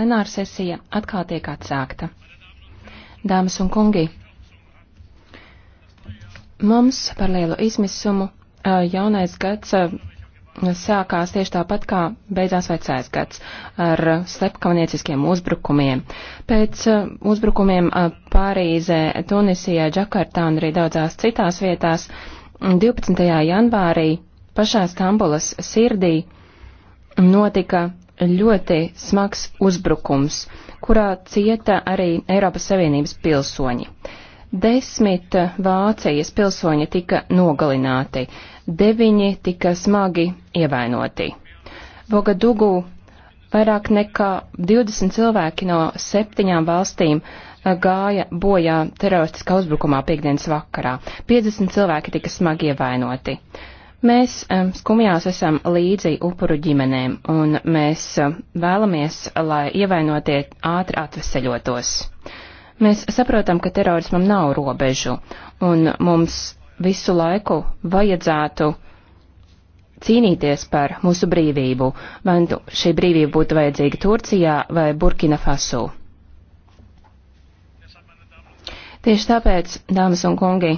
Plenāra sesija atkal tiek atsākta. Dāmas un kungi, mums par lielu izmisumu jaunais gads sākās tieši tāpat, kā beidzās vecais gads ar slepkavnieciskiem uzbrukumiem. Pēc uzbrukumiem Pārīzē, Tunisijā, Džakartā un arī daudzās citās vietās 12. janvārī pašā Stambulas sirdī notika ļoti smags uzbrukums, kurā cieta arī Eiropas Savienības pilsoņi. Desmit Vācijas pilsoņi tika nogalināti, deviņi tika smagi ievainoti. Vogadugu vairāk nekā 20 cilvēki no septiņām valstīm eh, gāja bojā teroristiskā uzbrukumā piekdienas vakarā. 50 cilvēki tika smagi ievainoti. Uh, Mēs skumjās esam līdzi upuru ģimenēm, un mēs vēlamies, lai ievainotie ātri atveseļotos. Mēs saprotam, ka terorismam nav robežu, un mums visu laiku vajadzētu cīnīties par mūsu brīvību, vai nu šī brīvība būtu vajadzīga Turcijā vai Burkina Faso. Tieši tāpēc, dāmas un kungi,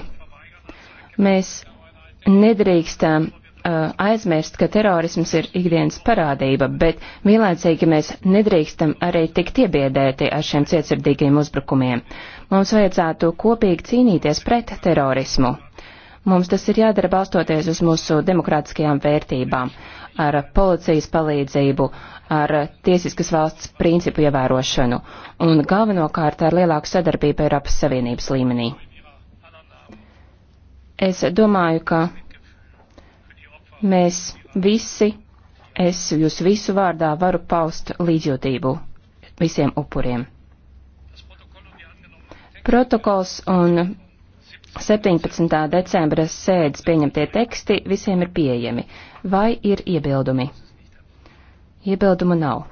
mēs nedrīkstam uh, aizmirst, ka terorisms ir ikdienas parādība, bet vienlaicīgi mēs nedrīkstam arī tikt iebiedēti ar šiem cietsirdīgiem uzbrukumiem. Mums vajadzētu kopīgi cīnīties pret terorismu. Mums tas ir jādara balstoties uz mūsu demokrātiskajām vērtībām, ar policijas palīdzību, ar tiesiskas valsts principu ievērošanu un galvenokārt ar lielāku sadarbību Eiropas Savienības līmenī. Es domāju, ka mēs visi, es jūs visu vārdā varu paust līdzjūtību visiem upuriem. Protokols un 17. decembra sēdes pieņemtie teksti visiem ir pieejami. Vai ir iebildumi? Iebildumu nav.